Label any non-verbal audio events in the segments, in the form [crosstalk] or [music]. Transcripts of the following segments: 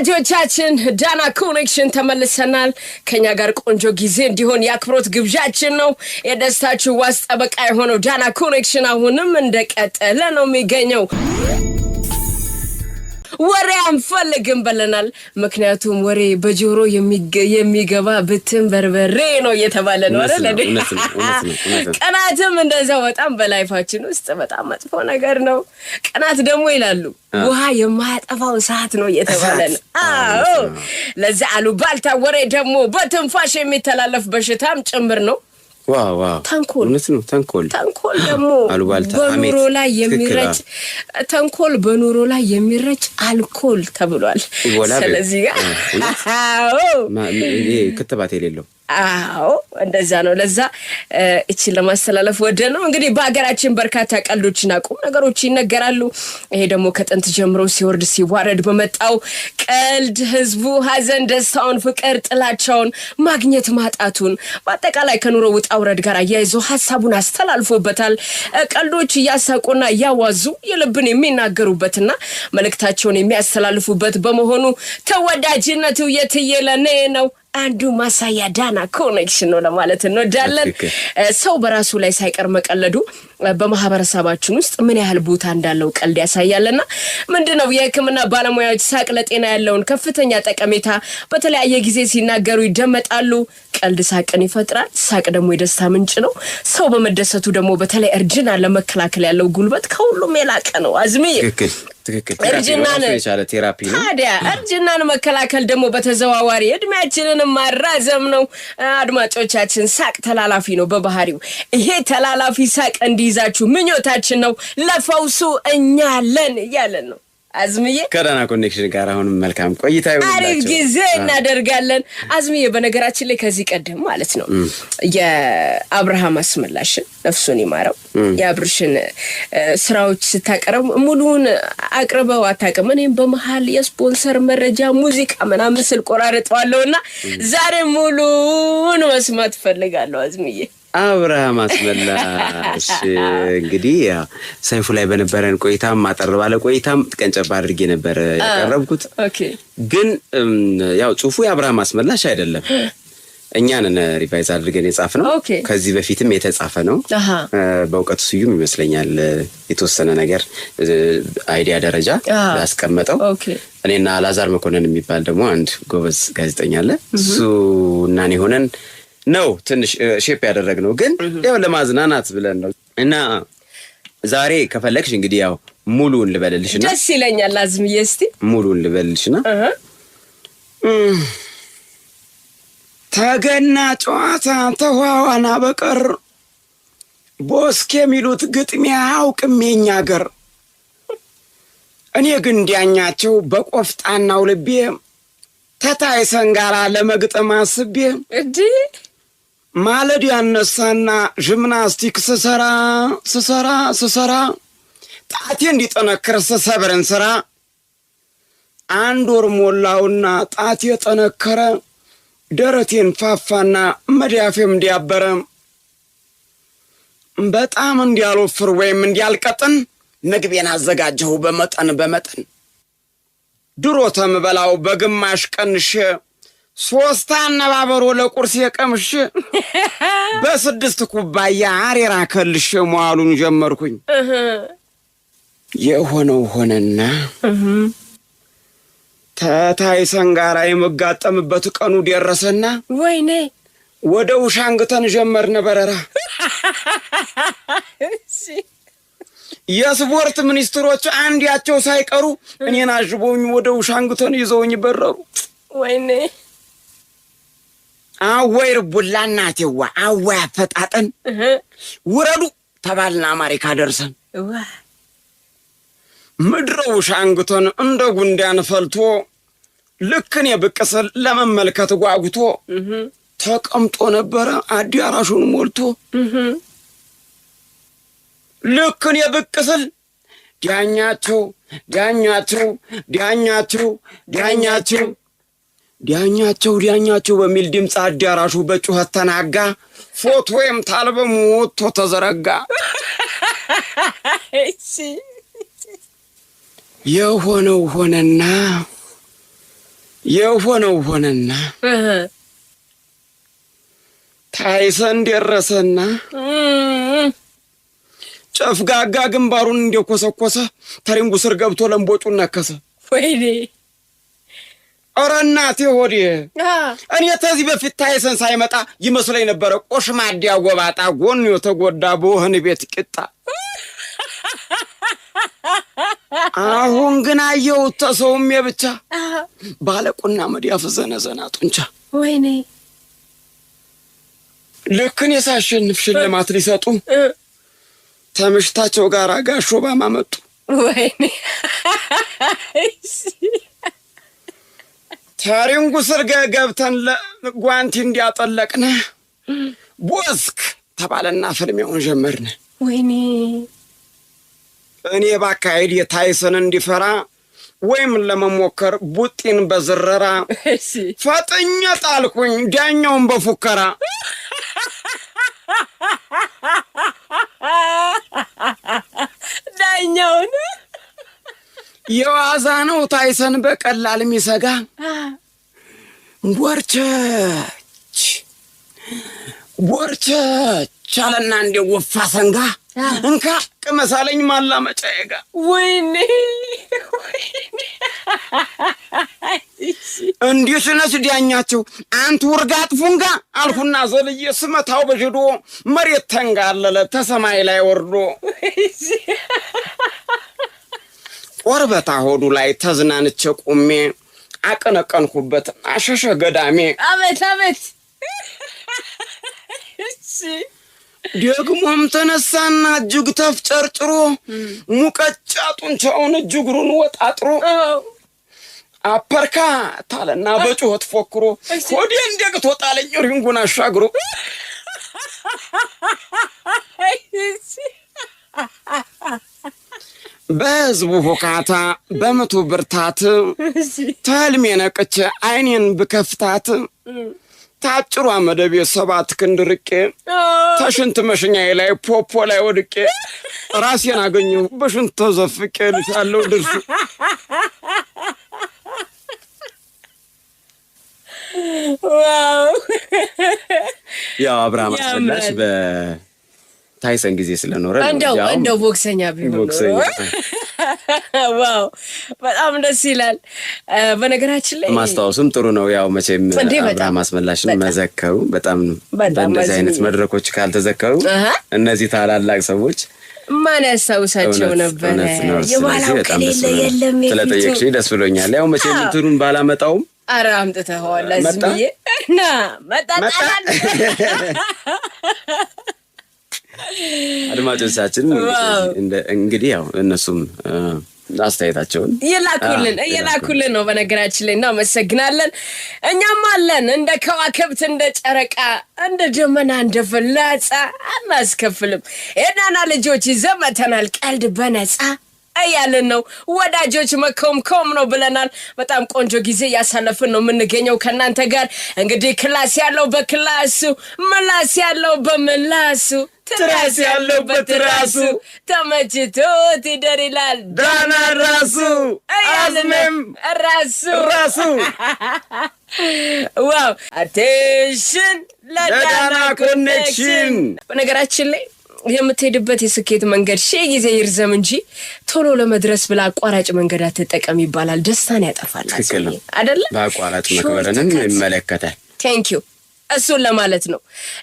ወዳጆቻችን ዳና ኮኔክሽን ተመልሰናል። ከኛ ጋር ቆንጆ ጊዜ እንዲሆን የአክብሮት ግብዣችን ነው። የደስታችሁ ዋስ ጠበቃ የሆነው ዳና ኮኔክሽን አሁንም እንደቀጠለ ነው የሚገኘው። ወሬ አንፈልግም ብለናል። ምክንያቱም ወሬ በጆሮ የሚገባ ብትን በርበሬ ነው እየተባለ ነው። አለ። ቅናትም እንደዛው በጣም በላይፋችን ውስጥ በጣም መጥፎ ነገር ነው። ቅናት ደግሞ ይላሉ ውሃ የማያጠፋው ሰዓት ነው እየተባለ ነው። አዎ ለዛ አሉባልታ ወሬ ደግሞ በትንፋሽ የሚተላለፍ በሽታም ጭምር ነው። ተንኮል ነው። ተንኮል ተንኮል ደግሞ በኑሮ ላይ የሚረጭ ተንኮል በኑሮ ላይ የሚረጭ አልኮል ተብሏል። ስለዚህ ጋር [laughs] ክትባት የሌለው አዎ እንደዛ ነው። ለዛ እችን ለማስተላለፍ ወደ ነው እንግዲህ በሀገራችን በርካታ ቀልዶችና ቁም ነገሮች ይነገራሉ። ይሄ ደግሞ ከጥንት ጀምሮ ሲወርድ ሲዋረድ በመጣው ቀልድ ህዝቡ ሀዘን ደስታውን፣ ፍቅር፣ ጥላቻውን፣ ማግኘት ማጣቱን በአጠቃላይ ከኑሮ ውጣ ውረድ ጋር አያይዞ ሀሳቡን አስተላልፎበታል። ቀልዶች እያሳቁና እያዋዙ የልብን የሚናገሩበትና መልእክታቸውን የሚያስተላልፉበት በመሆኑ ተወዳጅነቱ የትየለሌ ነው። አንዱ ማሳያ ዳና ኮኔክሽን ነው ለማለት እንወዳለን። ሰው በራሱ ላይ ሳይቀር መቀለዱ በማህበረሰባችን ውስጥ ምን ያህል ቦታ እንዳለው ቀልድ ያሳያልና ምንድን ነው የሕክምና ባለሙያዎች ሳቅ ለጤና ያለውን ከፍተኛ ጠቀሜታ በተለያየ ጊዜ ሲናገሩ ይደመጣሉ። ቀልድ ሳቅን ይፈጥራል። ሳቅ ደግሞ የደስታ ምንጭ ነው። ሰው በመደሰቱ ደግሞ በተለይ እርጅና ለመከላከል ያለው ጉልበት ከሁሉም የላቀ ነው። አዝምዬ ትክክል እርጅናን የቻለ ቴራፒ ነው። ታዲያ እርጅናን መከላከል ደግሞ በተዘዋዋሪ እድሜያችንን ማራዘም ነው። አድማጮቻችን፣ ሳቅ ተላላፊ ነው በባህሪው። ይሄ ተላላፊ ሳቅ እንዲይዛችሁ ምኞታችን ነው። ለፈውሱ እኛ አለን እያለን ነው። አዝምዬ ከዳና ኮኔክሽን ጋር አሁንም መልካም ቆይታ አሪፍ ጊዜ እናደርጋለን። አዝምዬ በነገራችን ላይ ከዚህ ቀደም ማለት ነው የአብርሃም አስመላሽን ነፍሱን ይማረው የአብርሽን ስራዎች ስታቀረብ ሙሉውን አቅርበው አታውቅም። እኔም በመሀል የስፖንሰር መረጃ ሙዚቃ ምናምን ስል ቆራረጠዋለሁ እና ዛሬ ሙሉውን መስማት ፈልጋለሁ አዝምዬ አብርሃም አስመላሽ እንግዲህ ሰይፉ ላይ በነበረን ቆይታም አጠር ባለ ቆይታም ቀንጨባ አድርጌ ነበር ያቀረብኩት። ግን ያው ጽሁፉ የአብርሃም አስመላሽ አይደለም፣ እኛን ሪቫይዝ አድርገን የጻፍ ነው። ከዚህ በፊትም የተጻፈ ነው። በእውቀቱ ስዩም ይመስለኛል የተወሰነ ነገር አይዲያ ደረጃ ያስቀመጠው። እኔና አላዛር መኮንን የሚባል ደግሞ አንድ ጎበዝ ጋዜጠኛ አለ። እሱ እናን የሆነን ነው ትንሽ ሼፕ ያደረግ ነው፣ ግን ያው ለማዝናናት ብለን ነው እና ዛሬ ከፈለግሽ እንግዲህ ያው ሙሉን ልበልልሽ እና ደስ ይለኛል። ላዝም እስኪ ሙሉን ልበልልሽ እና ተገና ጨዋታ ተዋዋና በቀር ቦስክ የሚሉት ግጥሚያ አውቅም የኛ አገር። እኔ ግን እንዲያኛቸው በቆፍጣናው ልቤ ተታይሰን ጋራ ለመግጠም አስቤ እዲህ ማለድ ያነሳና ጅምናስቲክ ስሰራ ስሰራ ስሰራ ጣቴ እንዲጠነክር ስሰብርን ስራ አንድ ወር ሞላውና ጣቴ ጠነከረ፣ ደረቴን ፋፋና መዳፌም እንዲያበረ በጣም እንዲያልወፍር ወይም እንዲያልቀጥን ምግቤን አዘጋጀሁ በመጠን በመጠን ድሮ ተምበላው በግማሽ ቀንሼ ሶስት አነባበሮ ለቁርስ የቀምሽ [laughs] በስድስት ኩባያ አሬራ ከልሽ መዋሉን ጀመርኩኝ። የሆነው ሆነና ተታይ ሰንጋራ የመጋጠምበት ቀኑ ደረሰና ወይኔ ወደ ውሻንግተን ጀመርን በረራ። [laughs] የስፖርት ሚኒስትሮች አንዳቸው ሳይቀሩ እኔን አጅቦኝ ወደ ውሻንግተን ይዘውኝ በረሩ። ወይኔ አወይ ርቡላ እናቴዋ አወይ አፈጣጠን ውረዱ ተባልን። አማሪካ ደርሰን ምድረ ውሻንግቶን እንደ ጉንዳን ፈልቶ ልክን የብቅስል ለመመልከት ጓጉቶ ተቀምጦ ነበረ አዳራሹን ሞልቶ። ልክን የብቅስል ዳኛቸው ዳኛቸው ዳኛቸው ዳኛቸው ዳኛቸው ዳኛቸው በሚል ድምፅ አዳራሹ በጩኸት ተናጋ። ወይም ታልበሙ ወጥቶ ተዘረጋ። [laughs] የሆነው ሆነና የሆነው ሆነና ታይሰን ደረሰና ጨፍጋጋ ግንባሩን እንደኮሰኮሰ ተሪንጉ ስር ገብቶ ለምቦጩን ነከሰ። ወይኔ ኧረ እናቴ ሆዴ እኔ ተዚህ በፊት ታይሰን ሳይመጣ ይመስለኝ ነበረ። ቆሽማዳ ጎባጣ ጎኑ የተጎዳ በወህኒ ቤት ቂጣ። አሁን ግን አየው ተሰውም የብቻ ባለቁና መዳፍ ዘነዘና ጡንቻ። ወይኔ ልክን የሳሸንፍ ሽልማት ሊሰጡ ተምሽታቸው ጋር ጋሾ ባማመጡ ወይኔ [laughs] ታሪንጉ ስር ገብተን ጓንቲ እንዲያጠለቅነ ቦስክ ተባለና ፍልሚያውን ጀመርነ። ወይኔ እኔ ባካሄድ የታይሰን እንዲፈራ ወይም ለመሞከር ቡጢን በዝረራ ፋጠኛ ጣልኩኝ ዳኛውን በፉከራ ዳኛውን የዋዛ ነው። ታይሰን በቀላል የሚሰጋ ቦርቸች ቦርቸች አለና እንደ ወፋ ሰንጋ እንካ ቅመሳለኝ ማላመጫ የጋ ወይኔ እንዲህ ስነች ዳኛቸው አንት ውርጋ ጥፉንጋ አልሁና ዘልዬ ስመታው በሽዶ መሬት ተንጋለለ ተሰማይ ላይ ወርዶ ቆርበታ ሆዱ ላይ ተዝናንቼ ቁሜ አቀነቀንኩበት አሸሸ ገዳሜ። አቤት አቤት። ደግሞም ተነሳና እጅግ ተፍጨርጭሮ ሙቀጫ ጡንቻውን እጅግሩን ወጣጥሮ አፐርካ ታለና በጩኸት ፎክሮ ሆዴን እንደግቶ ጣለኝ ሪንጉን አሻግሮ በህዝቡ ሁካታ በመቶ ብርታት ተህልሜ ነቅቼ አይኔን ብከፍታት ታጭሯ መደቤ ሰባት ክንድ ርቄ ተሽንት መሽኛዬ ላይ ፖፖ ላይ ወድቄ ራሴን አገኘሁ በሽንት ተዘፍቄ ልሻለው ድርሱ ያው አብርሃም አስፈላሽ በ ታይሰን ጊዜ ስለኖረ እንደው እንደው ቦክሰኛ ቦክሰኛ [laughs] ዋው በጣም ደስ ይላል። በነገራችን ላይ ማስታወሱም ጥሩ ነው። ያው መቼም አብርሃም አስመላሽን መዘከሩ በጣም በእንደዚህ አይነት መድረኮች ካልተዘከሩ እነዚህ ታላላቅ ሰዎች ማን ያስታውሳቸው ነበረ? የባላው ከሌለ የለም። ስለጠየቅሽኝ ደስ ብሎኛል። ያው መቼም እንትኑን ባላመጣውም አረ አምጥተኸዋል። ዝብዬ እና መጣጣላ አድማጮቻችን እንግዲህ ያው እነሱም አስተያየታቸውን እየላኩልን እየላኩልን ነው። በነገራችን ላይ እናመሰግናለን። እኛም አለን እንደ ከዋክብት፣ እንደ ጨረቃ፣ እንደ ደመና፣ እንደ ፍላጻ አናስከፍልም። የናና ልጆች ይዘመተናል ቀልድ በነጻ እያልን ነው ወዳጆች፣ መኮምኮም ነው ብለናል። በጣም ቆንጆ ጊዜ እያሳለፍን ነው የምንገኘው ከእናንተ ጋር እንግዲህ ክላስ ያለው በክላሱ ምላስ ያለው በምላሱ ትራስ ያለበት ራሱ ተመችቶት ይደር ይላል ዳና ራሱ አዝሜም ራሱ ራሱ [laughs] ዋው አቴንሽን ለዳና ኮኔክሽን። በነገራችን ላይ የምትሄድበት የስኬት መንገድ ሺህ ጊዜ ይርዘም እንጂ ቶሎ ለመድረስ ብላ አቋራጭ መንገድ አትጠቀም ይባላል። ደስታን ያጠፋል። ትክክል ነው በአቋራጭ መክበርንም ይመለከታል። ቴንኪዩ እሱን ለማለት ነው።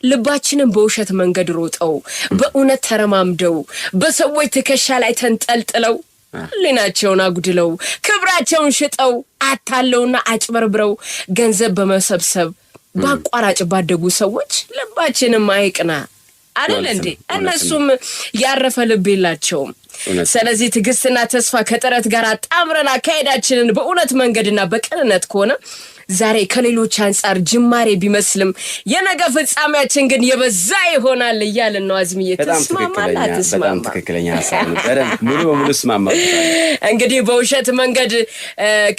ልባችንን በውሸት መንገድ ሮጠው በእውነት ተረማምደው በሰዎች ትከሻ ላይ ተንጠልጥለው ሕሊናቸውን አጉድለው ክብራቸውን ሽጠው አታለውና አጭበርብረው ገንዘብ በመሰብሰብ በአቋራጭ ባደጉ ሰዎች ልባችንም አይቅና አይደል እንዴ? እነሱም ያረፈ ልብ የላቸውም። ስለዚህ ትዕግስትና ተስፋ ከጥረት ጋር አጣምረን አካሄዳችንን በእውነት መንገድና በቅንነት ከሆነ ዛሬ ከሌሎች አንጻር ጅማሬ ቢመስልም የነገ ፍጻሜያችን ግን የበዛ ይሆናል እያልን ነው። አዝምዬ ትክክለኛ ሙሉ በሙሉ እንግዲህ በውሸት መንገድ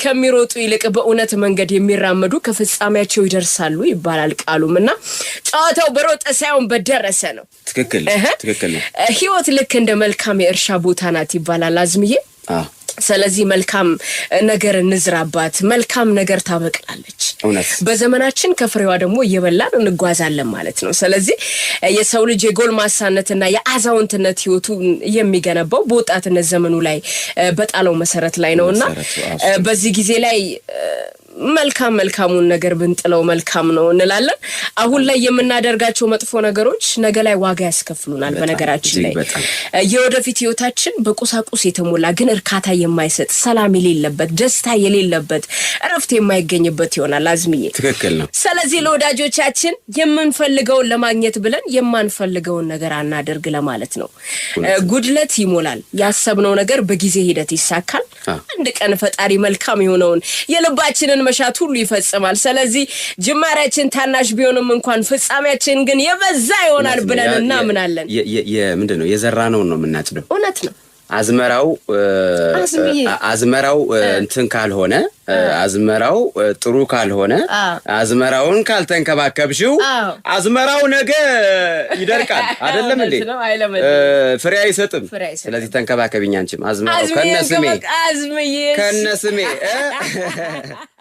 ከሚሮጡ ይልቅ በእውነት መንገድ የሚራመዱ ከፍጻሜያቸው ይደርሳሉ ይባላል ቃሉም እና ጨዋታው በሮጠ ሳይሆን በደረሰ ነው። ትክክል ትክክል ነው። ህይወት ልክ እንደ መልካም የእርሻ ቦታ ናት ይባላል አዝምዬ ስለዚህ መልካም ነገር እንዝራባት፣ መልካም ነገር ታበቅላለች። በዘመናችን ከፍሬዋ ደግሞ እየበላን እንጓዛለን ማለት ነው። ስለዚህ የሰው ልጅ የጎልማሳነትና የአዛውንትነት ህይወቱ የሚገነባው በወጣትነት ዘመኑ ላይ በጣለው መሰረት ላይ ነው እና በዚህ ጊዜ ላይ መልካም መልካሙን ነገር ብንጥለው መልካም ነው እንላለን። አሁን ላይ የምናደርጋቸው መጥፎ ነገሮች ነገ ላይ ዋጋ ያስከፍሉናል። በነገራችን ላይ የወደፊት ህይወታችን በቁሳቁስ የተሞላ ግን እርካታ የማይሰጥ ሰላም የሌለበት ደስታ የሌለበት እረፍት የማይገኝበት ይሆናል። አዝምዬ ትክክል ነው። ስለዚህ ለወዳጆቻችን የምንፈልገውን ለማግኘት ብለን የማንፈልገውን ነገር አናደርግ ለማለት ነው። ጉድለት ይሞላል። ያሰብነው ነገር በጊዜ ሂደት ይሳካል። አንድ ቀን ፈጣሪ መልካም የሆነውን የልባችንን ያለንን መሻት ሁሉ ይፈጽማል። ስለዚህ ጅማሪያችን ታናሽ ቢሆንም እንኳን ፍጻሜያችን ግን የበዛ ይሆናል ብለን እናምናለን። ምንድን ነው የዘራነውን ነው የምናጭደው። እውነት ነው። አዝመራው አዝመራው እንትን ካልሆነ አዝመራው ጥሩ ካልሆነ አዝመራውን ካልተንከባከብሽው አዝመራው ነገ ይደርቃል። [laughs] አይደለም እንዴ? ፍሬ አይሰጥም። ስለዚህ ተንከባከቢኝ አንቺም አዝመራው ከነስሜ ከነስሜ [laughs]